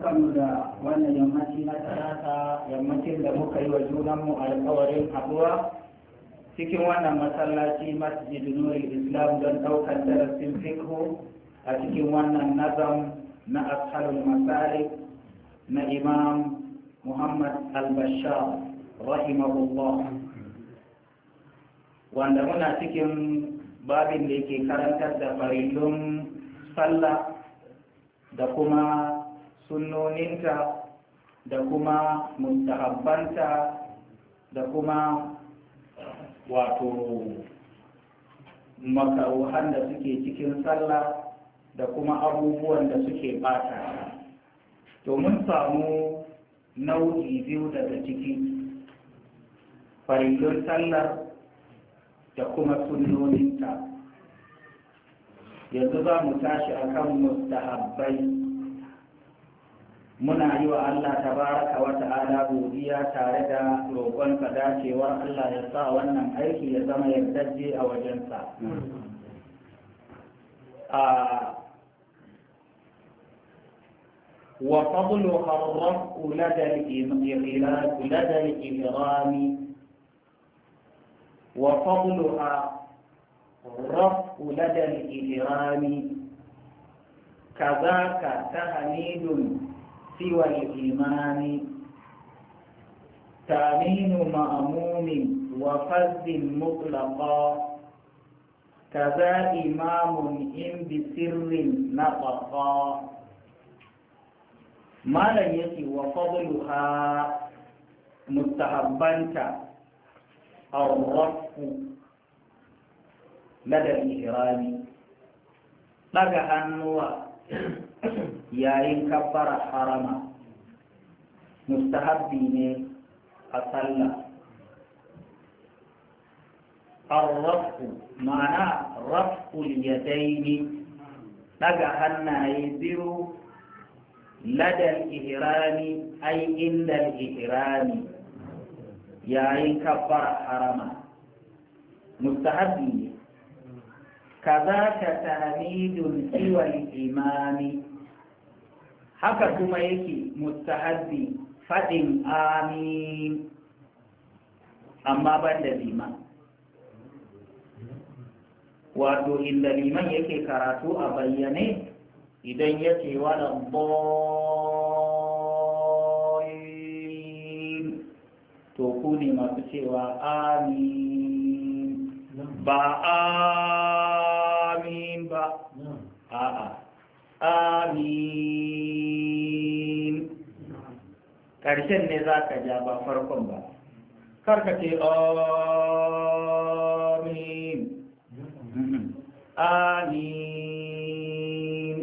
kanmu da wannan yammaci na talata yammacin da muka yi wa junanmu alkawarin abuwa. cikin wannan masallaci masjid nuri islam don ɗaukar darasin fikhu a cikin wannan nazam na ashalul masalik na imam muhammad al-bashar rahimahullah wanda muna cikin babin da yake karantar da farillun sallah da kuma sunnoninta da kuma mustahabbanta da kuma wato makaruhan da suke cikin sallah da kuma abubuwan da suke bata to mun samu nau'i biyu daga ciki farillon sallar da kuma sunnoninta yanzu za mu tashi akan mustahabbai muna yi wa Allah tabaraka wa ta'ala godiya tare da roƙon ka dacewar Allah ya sa wannan aiki ya zama yardajje a wajensa وفضلها الرفع لدى لدى الإكرام وفضلها الرفع لدى الإكرام كذاك تهنيد سوى تامين مأموم وفذ مطلقا كذا إمام إن بسر نطقا ما لن يكي وفضلها مستحبنك الرف لدى الإكرام لك هنوى yayin kabbara harama mustahabbi ne a sallah الرفق معنى رفق اليدين daga hannaye biyu ladal ihrami ai indal ihrami yayin kabbar harama mustahabi ne kaza ka tahmidun siwal imami haka kuma yake mustahabbi faɗin amin amma ban da liman wato inda liman yake karatu a bayyane idan ya ce wada to ku ne masu cewa amin ba amin ba a'a amin ƙarshen ne za ka ja ba farkon ba karka ce amin amin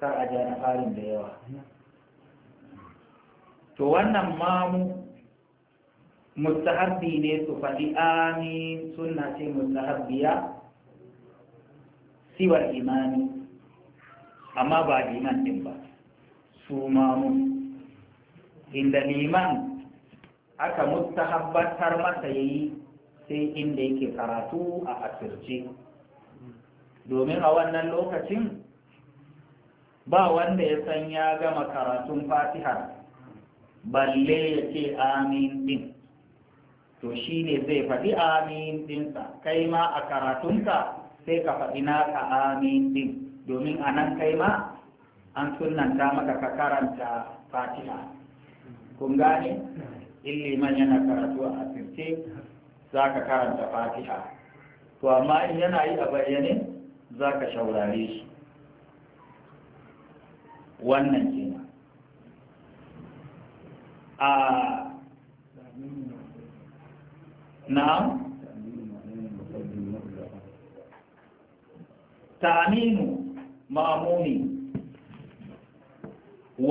kar a ja na farin da yawa to wannan mamu mustahabbi ne su faɗi amin suna ce mustahabbiya siwar imani amma ba iman ɗin ba su mamu inda liman aka habbatar masa yi, sai inda yake karatu a asirce domin a wannan lokacin ba wanda ya san ya gama karatun fatihar balle ya ce amin din to shi ne zai faɗi amin dinsa kai ma a karatunka sai ka faɗi naka amin din domin a nan kai ma an sunanta maka ka karanta fatiha kun gane in liman yana karatu a asirce za ka karanta fatiha to amma in yana yi a bayyane za ka shaurare shi wannan kenan a na taminu ma'amuni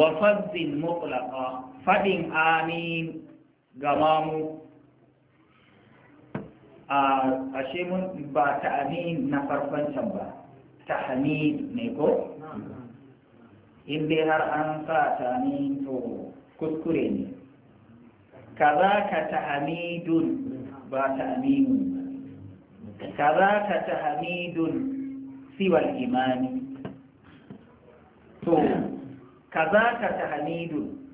wa fazzin mutlaqa faɗin amin ga mamu a shi mun ba ta amin na farkon can ba ta hamid ne ko? in dai har an sa ta amin to kuskure ne za ka ta hamidun ba ta aminu za ka ta hamidun siwal imani to ka za ka ta hamidun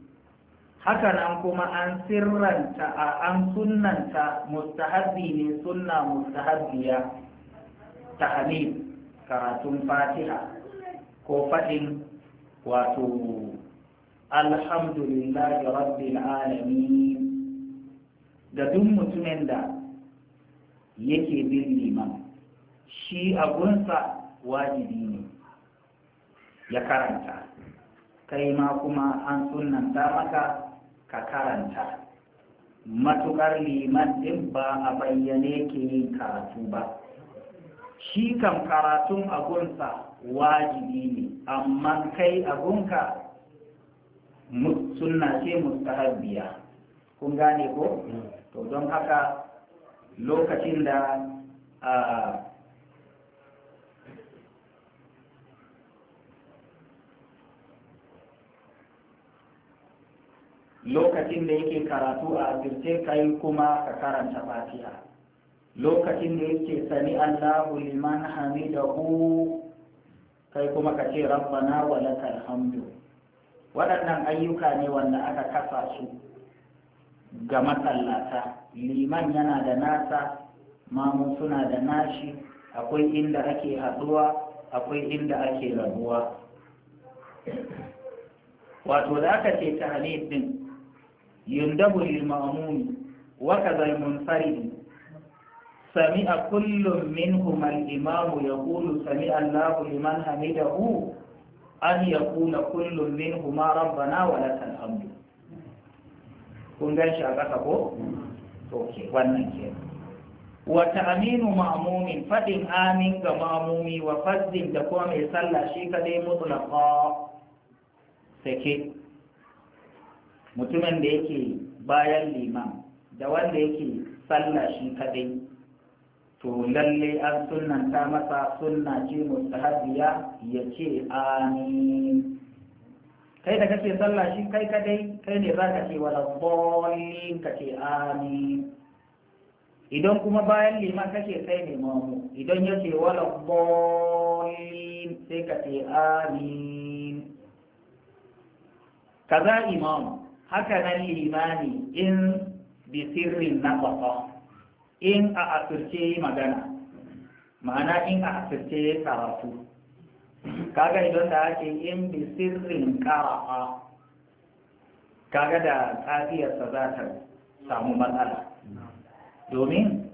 haka nan kuma an sirranta a an sunanta mustahabbi ne sunna mustahabbiya tahmid karatun fatiha ko faɗin wato alhamdulillahi rabbil alamin da duk mutumin da yake bin liman shi abunsa wajibi ne ya karanta kai ma kuma an sunanta maka ka karanta matuƙar liman din ba a bayyane ke yin karatu ba shi kan karatun agunsa wajibi ne amma kai agunka sunna ce mustahabbiya kun gane ko mm. to don haka lokacin da ah, lokacin da yake karatu a asirce kai kuma ka karanta fatiha lokacin da yake sani allahu liman hamidahu kai kuma ka ce rabbana wa lakal hamdu waɗannan ayyuka ne wanda aka kafa su ga masallata liman yana da nasa Mamu suna da nashi akwai inda ake haɗuwa akwai inda ake rabuwa wato da aka ce ta din يندب للمأموم وكذا المنفرد سمع كل منهما الإمام يقول سمع الله لمن حمده أن يقول كل منهما ربنا ولك الحمد kun gan shi a kasa ko? wannan ke wata aminu ma'amumin faɗin amin ga mamumi wa fasdin da kuma mai sallah shi kadai mutulaka sake mutumin da yake bayan liman da wanda yake sallah shi kadai to lalle an ta masa sunna ce mustahabbiya ya ce amin kai da kake sallah shi kai kadai kai ne za ka ce wala dhallin ka ce amin idan kuma bayan liman kake sai ne mamu idan ya ce wala dhallin sai ka ce amin kaza imamu haka nan limani in bi sirrin na in a asirce magana ma'ana in a asirce karatu kaga idan da ake in bi sirrin kara'a kaga da tsafiyarsa za ta samu matsala domin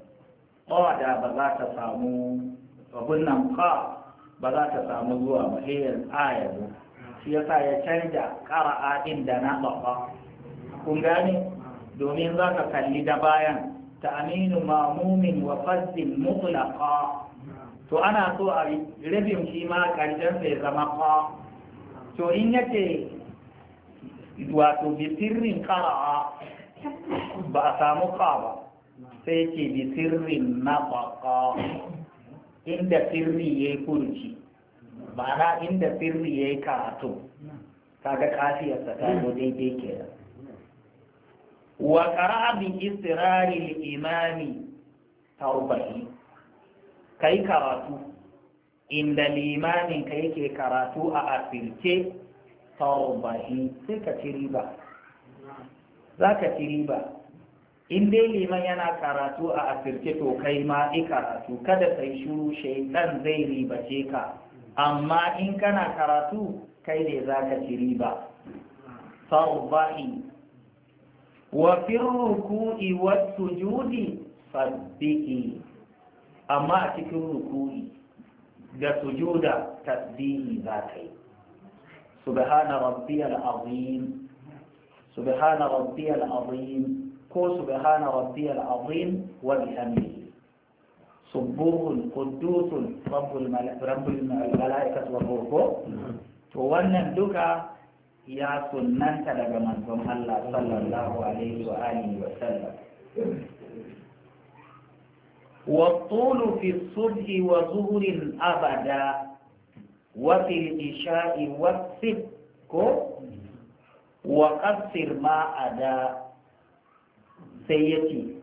da ba za ta samu abin nan ka ba za ta samu zuwa mahiyar ayabu shi yasa ya canja ƙara'a inda da na ɓaɓa kun gane domin za ka kalli da bayan ta aminu mamumin wa fasin mutlaqa to ana so a rabin shi ma karshen sai zama qa to in yace wato bi sirrin qara'a ba a samu ka ba sai ce bi sirrin nafaqa inda sirri yayi kurci ma'ana inda sirri yayi karatu kaga kafiyarsa ta zo daidai kenan wa qara'a bi istirari al-imami tarbahi kai karatu inda limamin ka yake karatu a asirce tarbahi sai ka ci riba za ka ci riba in dai liman yana karatu a asirce to kai ma i karatu kada sai shi shaidan zai ribace ka amma in kana karatu kai ne za ka ci riba sarbahi وفي الركوع والسجود فسبحي أما أتكي الركوع da sujuda tasbihi za ka yi subhana rabbiyal azim subhana rabbiyal azim ko subhana rabbiyal azim wa bihamdihi subuhun quddusun rabbul malaikati wa ruhu to wannan duka ya sunanta daga manzon Allah sallallahu alaihi wa alihi wa sallam wa tulu fi subhi wa abada wa fi isha'i wa ko wa qasir ma ada sai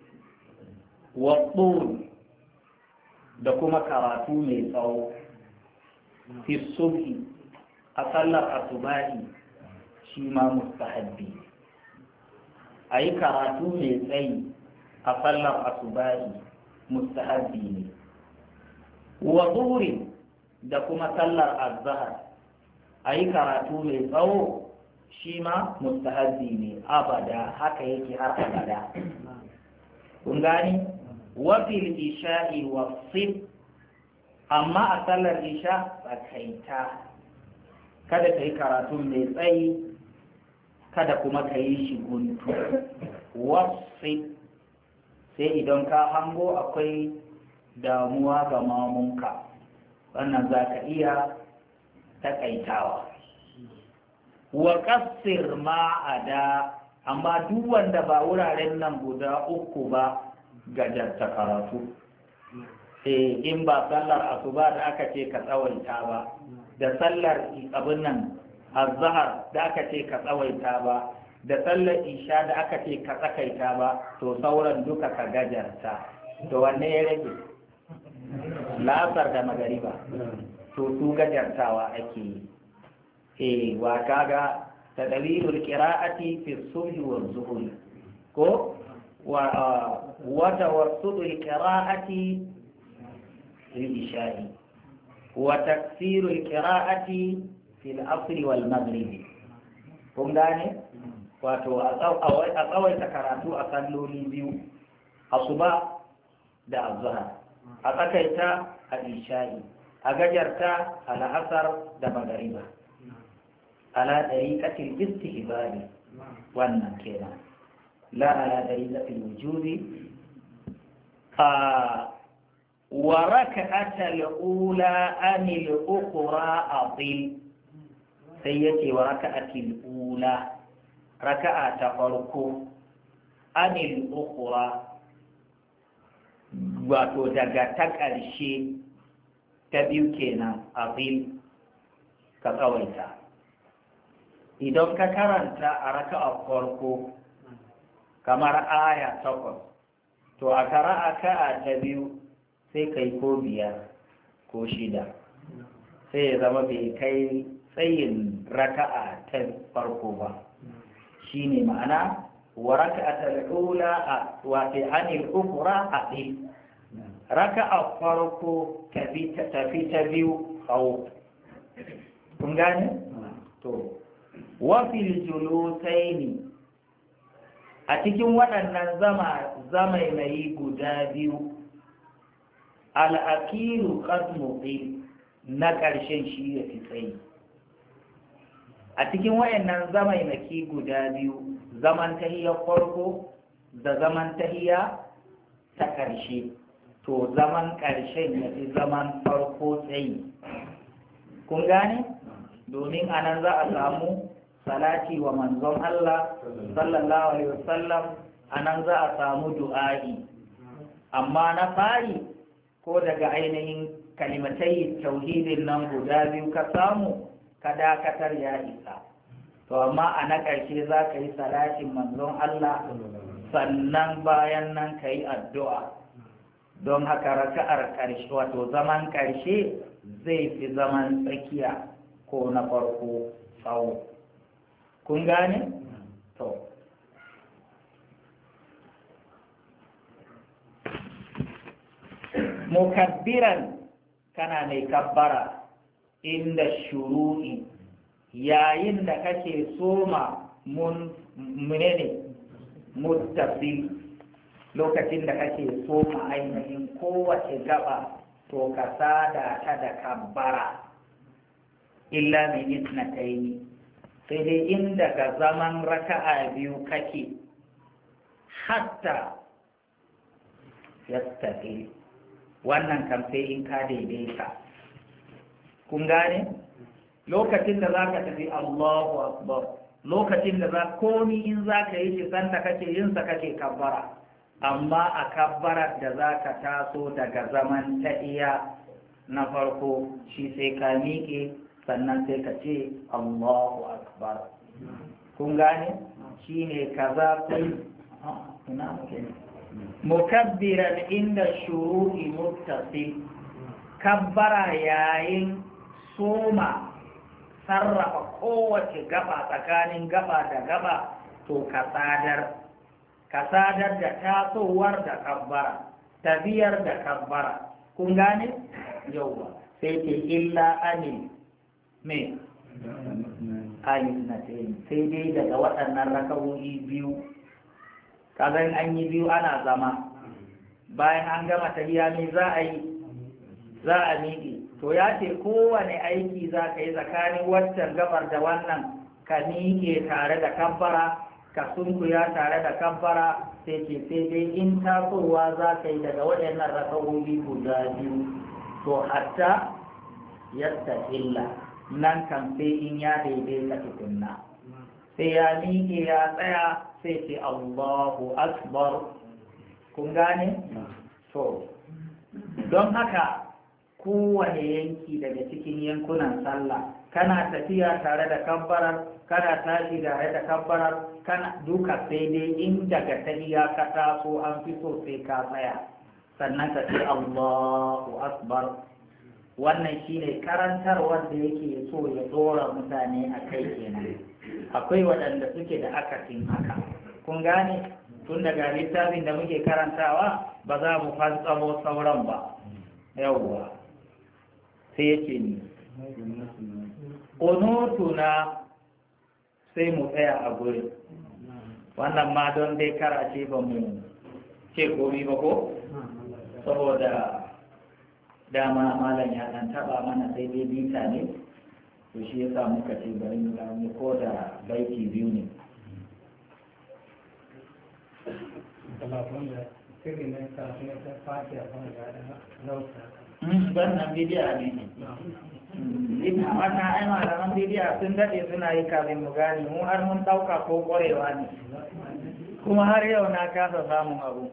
wa tulu da kuma karatu mai tsawo fi subhi a sallar asubahi shi ma mustahabbi a karatu mai tsayi a sallar asubahi mustahabbi ne wa zuhri da kuma sallar azhar a karatu mai tsawo shi ma mustahabbi ne abada haka yake har abada kun gani wa fil isha'i wa amma a sallar isha tsakaita kada ta yi karatu mai tsayi kada kuma ka yi shi guntu wasu sai idan ka hango akwai damuwa ga mamunka wannan za ka iya takaitawa wa kassir ma'ada amma duk wanda ba wuraren nan guda uku ba gajarta karatu eh, in ba sallar asuba da aka ce ka tsawaita ba da sallar abin nan azhar da aka ce ka tsawaita ba da sallar isha da aka ce ka tsakaita ba to sauran duka ka gajarta to wanne ya rage lasar da magariba to su gajartawa ake yi eh wa kaga dalilul qira'ati fi subhi wa zuhur ko wa wa tawassudul qira'ati li isha'i wa taksirul qira'ati fil asri wal maghribi kun gane wato a tsawaita karatu a salloli biyu asuba da azhar a tsakaita a isha'i a gajarta a la'asar da magariba ala dariqatil istihbabi wannan kenan la ala dariqatil wujudi a wa raka'atal ula anil ukhra atil sai ya ce wa raka'atil ula raka'a ta farko anil ukhra wato daga ta ƙarshe ta biyu kenan azim ka tsawaita idan ka karanta a raka'a farko kamar aya takwas to a a ka'a ta biyu sai kai ko biyar ko shida sai ya zama bai kai tsayin raka'a ta farko ba shine ma'ana wa raka'atul a wasu hannun anil a aqi raka'a farko tafi ta biyu au kun gane to wa fil a cikin waɗannan zama mai guda biyu al'akiru ƙasmuƙi na ƙarshen shi ya fi tsayi a cikin wayannan zamainaki guda biyu zaman iya farko da zaman tahiya ta ƙarshe to zaman ƙarshen ya fi zaman farko tsayi kun gane domin a nan za a samu salati wa manzon Allah sallallahu alaihi wasallam a nan za a samu du'a'i amma na fari ko daga ainihin kalimatai tauhidin nan guda biyu ka samu ka dakatar ya isa to amma a na ƙarshe za ka yi salatin manzon Allah sannan bayan nan ka yi addu'a don haka raka'ar ƙarshe wato zaman ƙarshe zai fi zaman tsakiya ko na farko tsawo kun gane? to mukabbiran kana mai kabbara inda shuru'i yayin da kake soma mun ne mutafi lokacin da kake soma ainihin kowace gaba to ka sada ta da kabbara illa min isnataini sai dai in daga zaman raka'a biyu kake hatta yastafi wannan kamfe in ka daidaita kun gane lokacin da za ka tafi Allahu akbar lokacin da za komi in za ka yi shi ta kake yin sa kake kabbara amma a kabbara da za ka taso daga zaman ta iya na farko shi sai ka miƙe sannan sai ka ce Allahu akbar kun gane shi ah, ne ka za kai mukabbiran inda shuru'i muttasi kabbara yayin soma sarrafa kowace gaba tsakanin gaba da gaba to ka sadar ka sadar da tasowar da kabbara tafiyar da kabbara kun gane yauwa sai ce illa anil me ainihin na sai dai daga waɗannan rakawoyi biyu kazan an yi biyu ana zama bayan an gama tahiya ne za a yi za a miƙe to ya ce kowane aiki za ka yi tsakanin waccan gabar da wannan ka miƙe tare da kabbara ka sunkuya tare da kabbara sai ce sai dai in tasowa za ka yi daga waɗannan rasa'o'i guda biyu to hatta yadda illa nan kan sai in ya daidaita tukunna sai ya miƙe ya tsaya sai ce allahu akbar kun gane to don haka kowane yanki daga cikin yankunan sallah kana tafiya tare da kabbarar kana tashi tare da kabbarar kana duka sai dai in daga ta ka taso an fito sai ka tsaya sannan ka ce Allahu Akbar wannan shine karantarwar da yake so ya dora mutane a kai kenan akwai waɗanda suke da akasin haka kun gane tun daga littafin da muke karantawa ba za mu fantsamo sauran ba yawwa sai yake ni sai mu tsaya a gurin wannan ma don dai karace ba mu ce komi ba ko saboda dama malam ya dan taba mana sai dai bita ne to shi yasa muka ce bari mu ko da baiti biyu ne Kalau wannan bidiya ne ina wannan ai malaman bidiya sun daɗe suna yi kafin mu gane mu har mun ɗauka ko ƙwarewa ne kuma har yau na kasa samun abu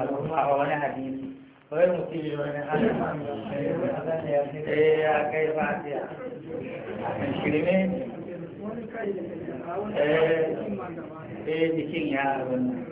a wani hadisi wai mutum yi wani hadisi eh ya kai fatiya shirme eh, eh jikin ya abin nan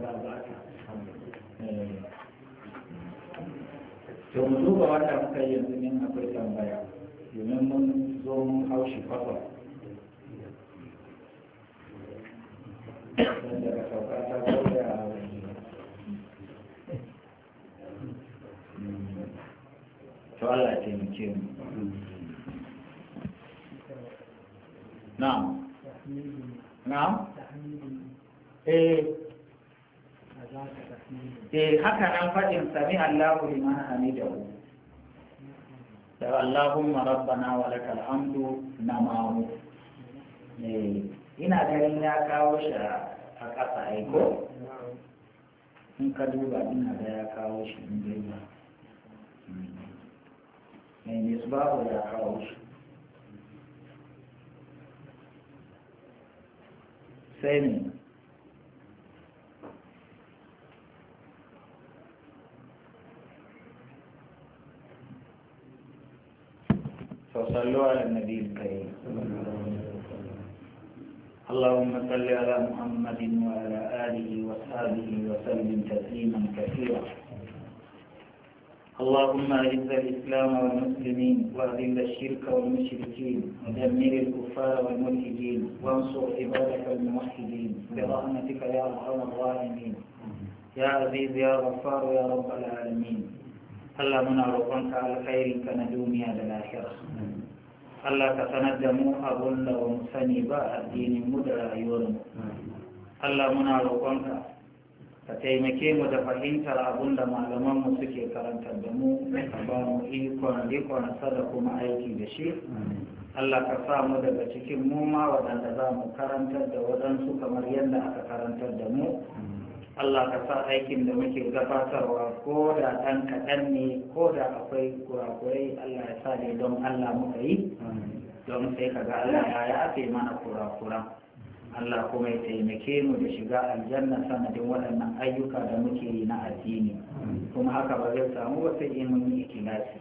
Eh. to mu duba wata muka yi yanzu akwai tambaya domin mun zo mun hau shi daga sauka ta a wani to Allah mu eh eh haka nan faɗin sami Allahu liman hamidahu da Allahumma rabbana wa lakal hamdu na eh ina ganin ya kawo shi a ƙasa aiko in ka duba ina da ya kawo shi in dai ba mai hmm. nisbahu eh, ya kawo shi sai ne وصلوا على النبي الكريم اللهم صل على محمد وعلى آله وصحبه وسلم تسليما كثيرا اللهم أعز الإسلام والمسلمين وأذل الشرك والمشركين ودمر الكفار والملحدين وانصر عبادك الموحدين برحمتك يا أرحم الراحمين يا عزيز يا غفار يا رب العالمين Allah muna roƙonka alkhairinka na duniya da lahira Allah ka sanar da mu abun da ba mu sani ba addinin mu da rayuwarmu Allah muna roƙonka ka taimake mu da fahimtar abun da malamanmu suke karantar da mu ka ba mu ikon rikon da kuma aiki da shi Allah ka sa mu daga cikin mu ma waɗanda za mu karantar da waɗansu kamar yadda aka karantar da mu Allah ka sa aikin da muke gabatarwa ko da ɗan kaɗan ne ko da akwai kurakurai Allah ya sa ne don Allah muka yi don sai ka ga Allah ya yafe mana kurakura Allah kuma ya taimake mu da shiga aljanna sanadin waɗannan ayyuka da muke yi na addini kuma haka ba zai samu wata ilimin ikilasi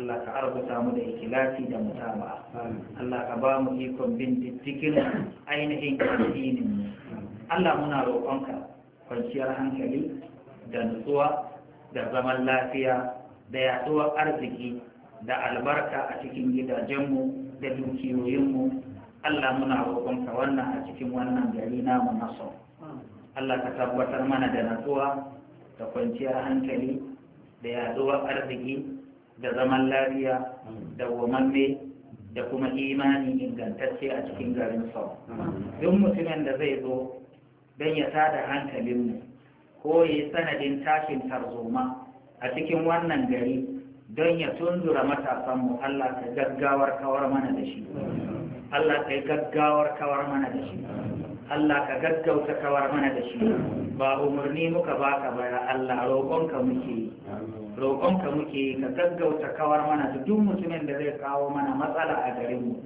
Allah ka arzuta mu da ikilasi da mutaba Allah ka ba mu ikon bin diddigin ainihin addinin Allah muna roƙonka kwanciyar hankali da nutsuwa da zaman lafiya da yaduwar arziki da albarka a cikin gidajenmu da dukiyoyinmu Allah muna roƙonka wannan a cikin wannan gari namu na sau Allah ka tabbatar mana da nutsuwa, da kwanciyar hankali da yaduwar arziki da zaman lafiya da gomanne da kuma imani ingantacce a cikin garin sau duk mutumin da zai zo don ya tada hankalinmu ko ya sanadin tashin tarzoma a cikin wannan gari don ya tunzura matasanmu Allah ka gaggawar kawar mana da shi Allah ka gaggawar kawar mana da shi Allah ka gaggauta kawar mana da shi ba umarni muka baka ba ya Allah roƙonka muke yi roƙonka muke ka gaggauta kawar mana da duk mutumin da zai kawo mana matsala a garinmu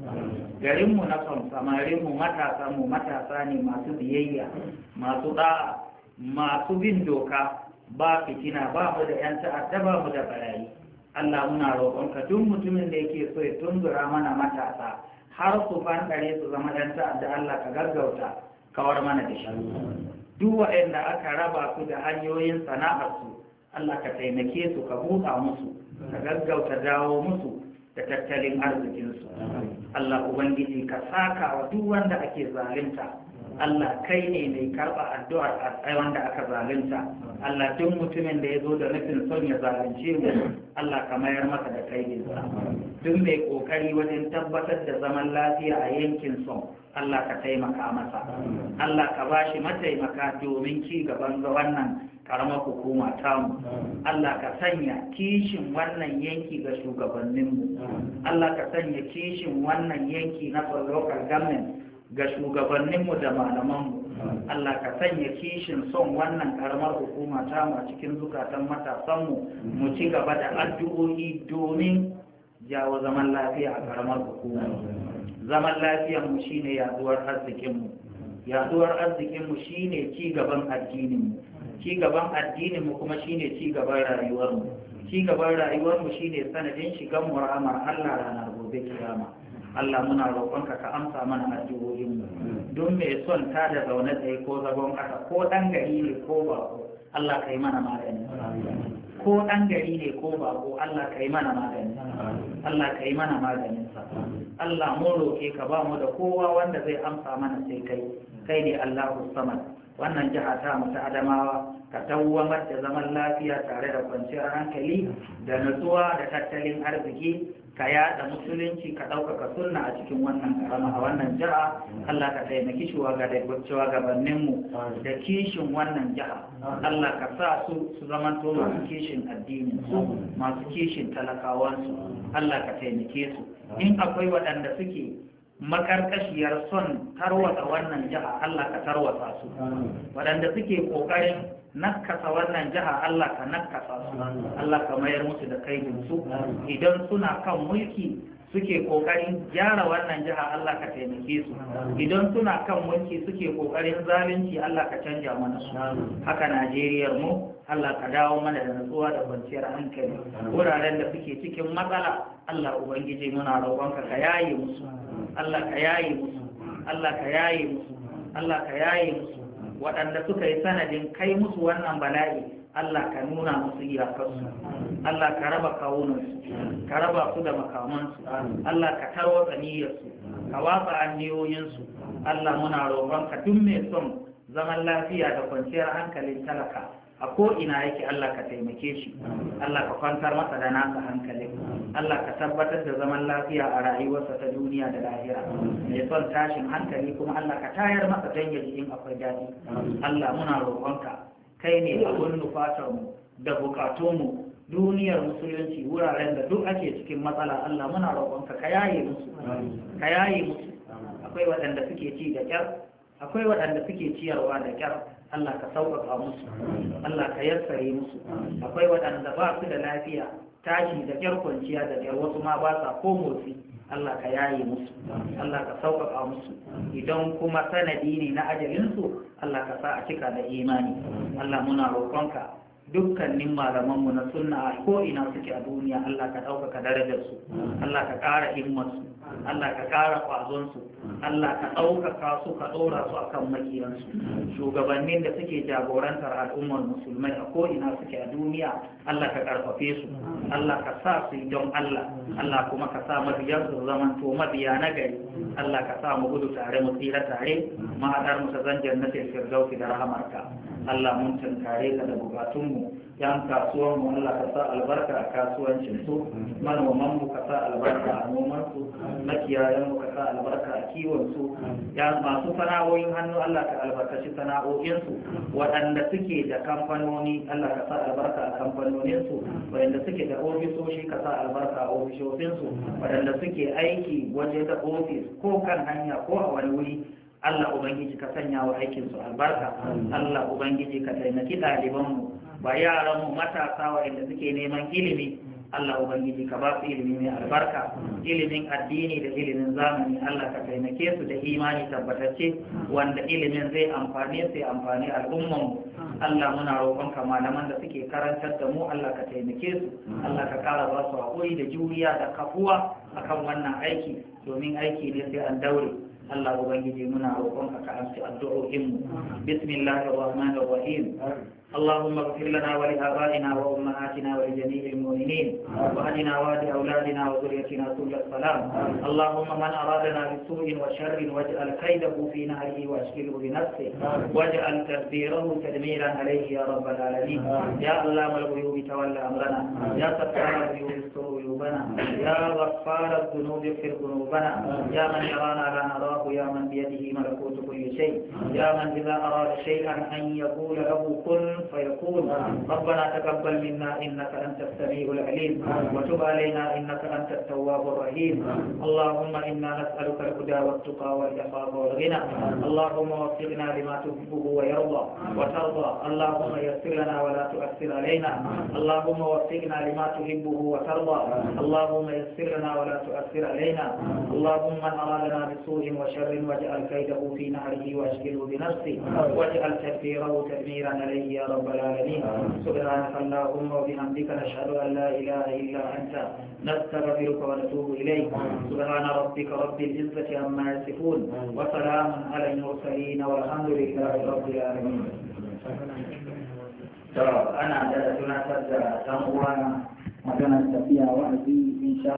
garinmu na son samarinmu matasa mu matasa ne masu biyayya masu da'a, masu bin doka ba fitina ba mu da 'yan ta'adda ba mu da barayi Allah muna roƙonka duk mutumin da yake so ya tunzura mana matasa har su fankare su zama 'yan ta'adda Allah ka gaggauta kawar mana da shi duk waɗanda aka raba su da hanyoyin sana'arsu Allah ka taimake su ka buɗa musu ka gaggauta dawo musu da tattalin arzikinsu Allah Ubangiji ka saka wa duk wanda ake zalunta Allah kai ne mai karɓa addu'ar a wanda aka zalunta Allah duk mutumin da ya zo da nufin son ya zalunce mu Allah ka mayar masa da kai ginsa duk mai ƙoƙari wajen tabbatar da zaman lafiya a yankin son Allah ka taimaka masa Allah ka ba shi mataimaka domin ci gaban ga wannan karamar hukuma tamu Allah ka sanya kishin wannan yanki ga shugabanninmu Allah ka sanya kishin wannan yanki na local government ga shugabanninmu da malamanmu Allah ka sanya kishin son wannan karamar hukuma tamu a cikin zukatan matasanmu mu ci gaba da addu'o'i domin jawo zaman lafiya a karamar hukuma zaman lafiyarmu shine yaduwar arzikinmu yaduwar arzikinmu shine ci gaban addininmu ci gaban addinin mu kuma shine ci gaban rayuwar mu ci gaban rayuwar mu shine sanadin shigan mu'amar Allah ranar gobe kiyama Allah muna roƙonka ka amsa mana addu'o'in mu don mai son ta da zaune tsaye ko zagon ƙasa ko ɗan gari ne ko bako Allah ka yi mana magani ko ɗan gari ne ko bako Allah ka yi mana magani Allah ka yi mana maganin sa Allah mu roƙe ka ba mu da kowa wanda zai amsa mana sai kai kai ne Allahu samad wannan jiha ta mata adamawa ka tawwamar da zaman lafiya tare da kwanciyar hankali da nutsuwa da tattalin arziki ka yada musulunci ka ɗaukaka sunna a cikin wannan karama a wannan jiha Allah ka taimaki gabaninmu da kishin wannan jiha Allah ka sa su su zama to masu kishin addinin masu kishin talakawansu Allah ka taimake su in akwai waɗanda suke makarkashiyar son tarwata wannan jiha Allah ka tarwata su waɗanda suke ƙoƙarin nakasa wannan jiha Allah ka nakasa su Allah ka mayar musu da kaidin su idan suna kan mulki suke kokarin gyara wannan jiha Allah ka taimake su idan suna kan wanki suke kokarin zalunci Allah ka canja mana su haka Najeriyar mu Allah ka dawo mana da nutsuwa da kwanciyar hankali wuraren da suke cikin matsala Allah ubangiji muna roƙonka ka yaye musu Allah ka yaye musu Allah ka yaye musu Allah ka yaye musu waɗanda suka yi sanadin kai musu wannan bala'i Allah ka nuna musu iyakarsu Allah ka raba kawunansu ka raba su da makamansu Allah ka tarwatsa niyyarsu ka watsa anniyoyinsu Allah muna roƙon ka duk mai son zaman lafiya da kwanciyar hankalin talaka a ko'ina yake Allah ka taimake shi Allah ka kwantar masa da nasa hankalin. Allah ka tabbatar da zaman lafiya a rayuwarsa ta duniya da lahira mai son tashin hankali kuma Allah ka tayar masa don yaji in akwai daɗi Allah muna roƙonka kai ne abin nufatarmu da bukatunmu duniyar musulunci wuraren da duk ake cikin matsala Allah muna roƙonka ka yaye musu ka yaye musu akwai waɗanda suke ci da kyar akwai waɗanda suke ciyarwa da kyar Allah ka sauƙaƙa musu Allah ka yassare musu akwai waɗanda ba su da lafiya tashi da kyar kwanciya da kyar wasu ma ba sa ko motsi Allah ka yaye musu Allah ka sauƙaƙa musu idan kuma sanadi ne na ajalinsu Allah ka sa a cika da imani Allah muna roƙonka dukkanin malamanmu na sunna ko ko'ina suke a duniya Allah ka ɗaukaka darajarsu Allah ka ƙara himmarsu Allah ka kara ƙwazonsu Allah ka ɗaukaka su ka ɗora su akan makiyansu shugabannin da suke jagorantar al'ummar musulmai a ko'ina suke a duniya Allah ka ƙarfafe su Allah ka sa su don Allah Allah kuma ka sa mabiyan su zaman to mabiya na gari Allah ka sa mu gudu tare mu tsira tare mahaɗar mu ta zan jannatin firdausi da rahamarka Allah mun tankare ka da bukatunmu yan kasuwan mu Allah ka sa albarka a kasuwancin su manoman mu ka sa albarka a noman su makiyayan mu ka sa albarka a kiwon su masu sana'o'in hannu Allah ka albarkaci sana'o'in su waɗanda suke da kamfanoni Allah ka sa albarka a kamfanonin su waɗanda suke da ofisoshi ka sa albarka a ofisoshin su waɗanda suke aiki waje da ofis ko kan hanya ko a wani wuri Allah Ubangiji ka sanya wa aikin su albarka, Allah Ubangiji ka taimaki ɗalibanmu, ba yaranmu matasa wa inda suke neman ilimi, Allah Ubangiji ka ba su ilimi mai albarka, ilimin addini da ilimin zamani Allah ka taimake su da imani tabbatacce wanda ilimin zai amfani su amfani al'ummanmu. Allah muna ka malaman da suke karantar da mu Allah ka taimake su, Allah ka ƙara ba su haƙuri da juriya da kafuwa akan wannan aiki domin aiki ne sai an daure. Allah ubangiji muna roƙon ka amsa addu'o'in mu bismillahir rahmanir rahim اللهم اغفر لنا ولآبائنا وأمهاتنا ولجميع المؤمنين وأهلنا وأهل أولادنا وذريتنا سوء السلام اللهم من أرادنا بسوء وشر واجعل كيده في نهره وأشكله بنفسه واجعل تدبيره تدميرا عليه يا رب العالمين يا علام الغيوب تولى أمرنا يا ستار الغيوب استر غيوبنا يا غفار الذنوب اغفر ذنوبنا يا من يرانا لا نراه يا من بيده ملكوت كل شيء يا من إذا أراد شيئا أن يقول له كن فيقول ربنا تقبل منا إنك أنت السميع العليم وتب علينا إنك أنت التواب الرحيم اللهم إنا نسألك الهدى والتقى والإخلاص والغنى اللهم وفقنا لما تحبه ويرضى وترضى اللهم يسر لنا ولا تؤثر علينا اللهم وفقنا لما تحبه وترضى اللهم يسر لنا ولا تؤثر علينا اللهم من أرادنا بسوء وشر واجعل كيده في نهره واشغله بنفسه واجعل تدبيره تدميرا علي رب العالمين سبحانك اللهم وبحمدك نشهد أن لا إله إلا أنت نستغفرك ونتوب إليك سبحان ربك رب العزة عما يصفون وسلام على المرسلين والحمد لله رب العالمين أنا da سجل تنقوانا ɗan uwana maganar ان شاء